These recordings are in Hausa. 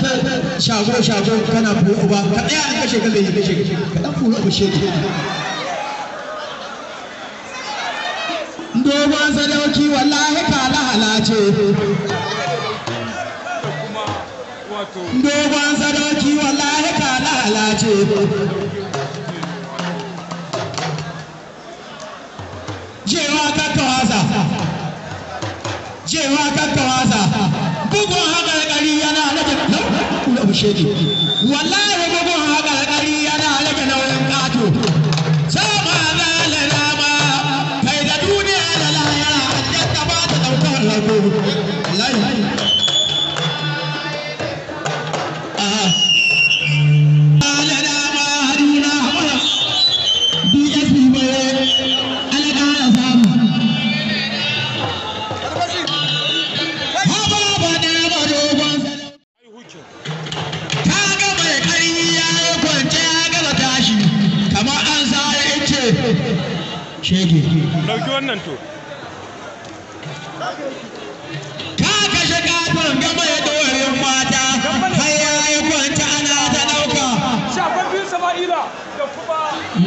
kana ta shago shago kana furo uba ka ɗaya an kashe ka zai kashe ka dan furo uba shi dogon sadauki wallahi kala halace dogon sadauki wallahi kala halace jewa ka kawasa shege wallahi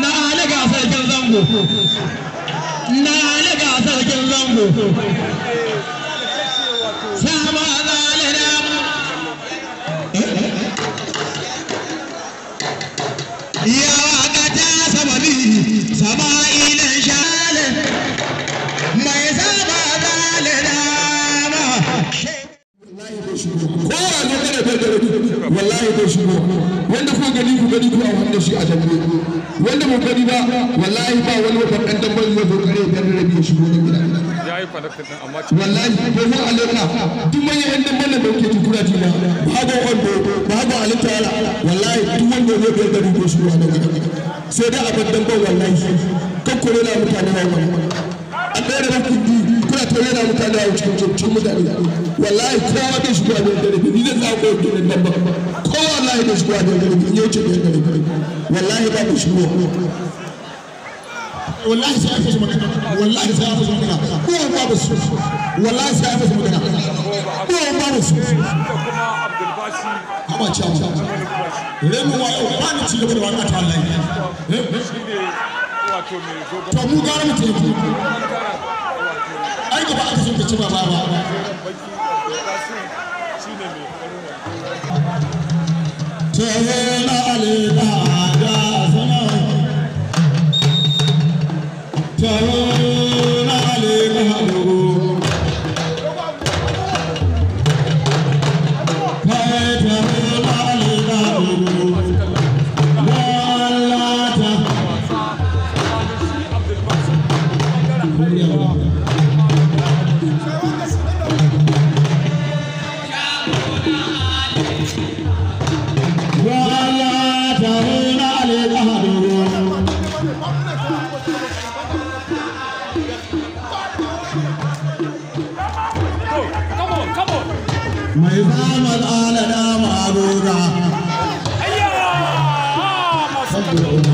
na ali ga sarkin na ali ga sarkin zango sama zalina dawa ne kada kai da rabu wallahi bai shigo wanda ko gani ku gani ku a wanda shi a dambe wanda mu gani ba wallahi ba wani wata dan dambe zai zo kare da rabi ya shigo gida yayi falakta amma wallahi ko mu alaka duk mai yan dambe da ke tukura ti ba babu wanda babu alitara wallahi duk wanda zai ga gari ko shigo da gida sai da abin dambe wallahi kakkure na mutane wannan an da ta da cikin cikin mutane wallahi kowa da shi kuwa da dare ni da tsako da nan ba kowa wallahi da shi kuwa da ni yau ce da dare wallahi ba da shi wallahi sai aka shi wallahi sai aka shi ko ba ba su wallahi sai aka shi ko ba ba su amma cha cha remu wa yau ba ni ci gaba da wani ta wallahi eh? to mu gara mu taimako ai gaba aka sun fice baba ba Tela alida ya sana Tela mai zaman ala dama aboka saboda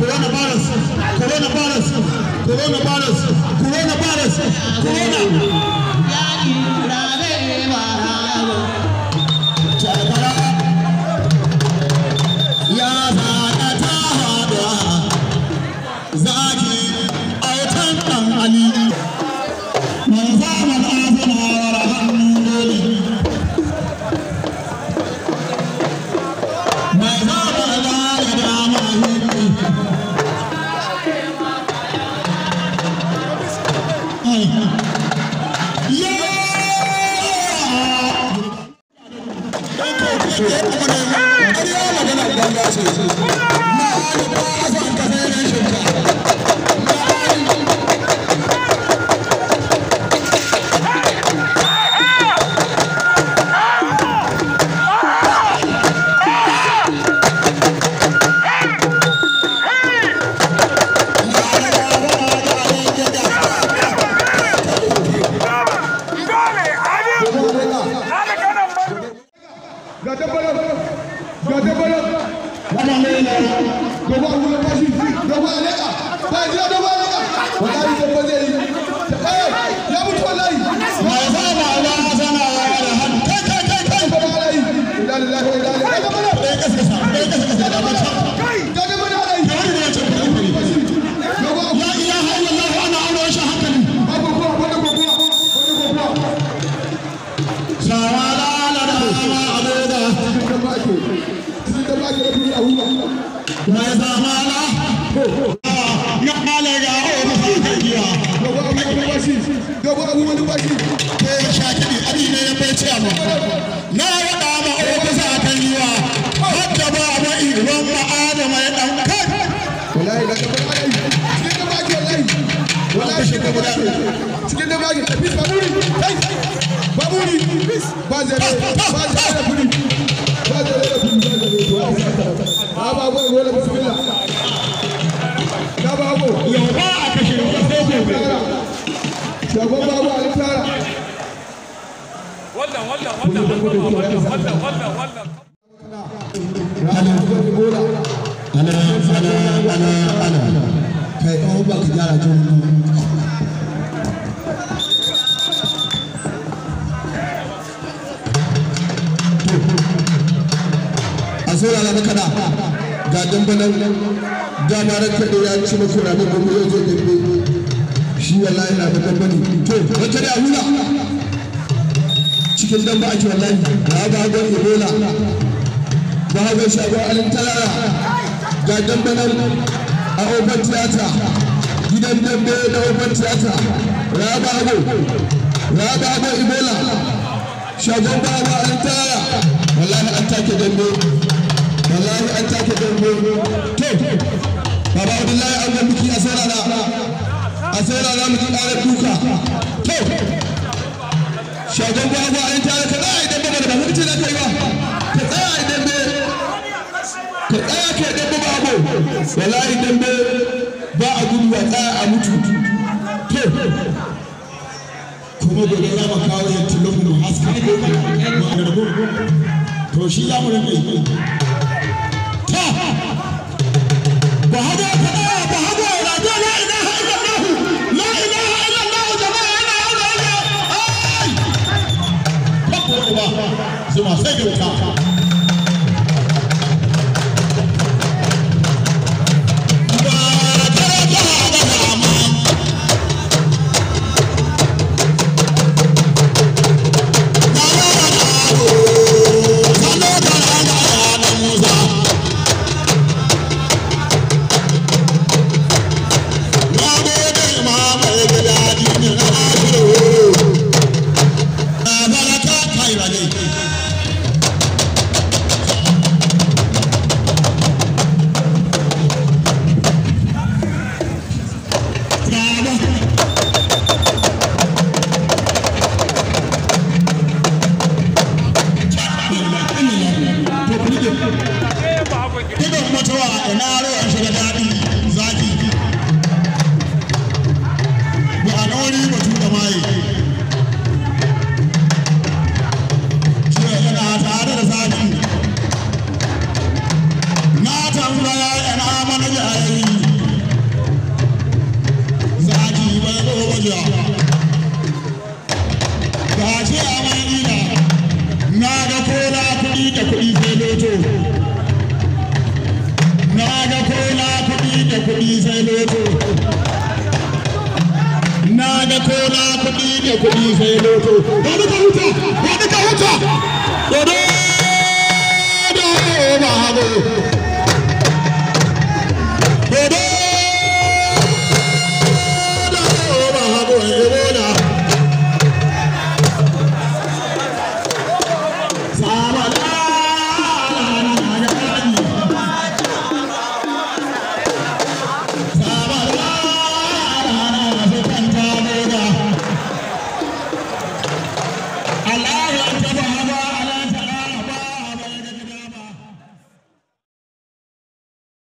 coronavirus, coronavirus, coronavirus, coronavirus, corona. Eh, wallahi zai yi a babu abu wani ke shaki abi ne na wada ma ofisa kan yiwa ba ma iwan ma ana ana ana ana kai ba ya shi wallahi na da dambani to wata da hula cikin damba ake wallahi ga bagon ebola ga hagon shagon alin talara ga damba nan a open theater gidan dambe na open theater raba hago raba hago ebola shagon bawa alin talara wallahi an take dambe wallahi an take dambe to baba abdullahi an ga biki a saurara a saurara mu ji ƙarar duka to shagon gwagwa an tare ka tsaya idan ba da hukunci na kai ba ka tsaya idan be ka tsaya ka idan ba wallahi idan be ba a gudu a tsaya a mutu to kuma gobe za mu kawo ya mu haska ko to shi za mu ta ba hada ta ba hada ya rajo Thank you.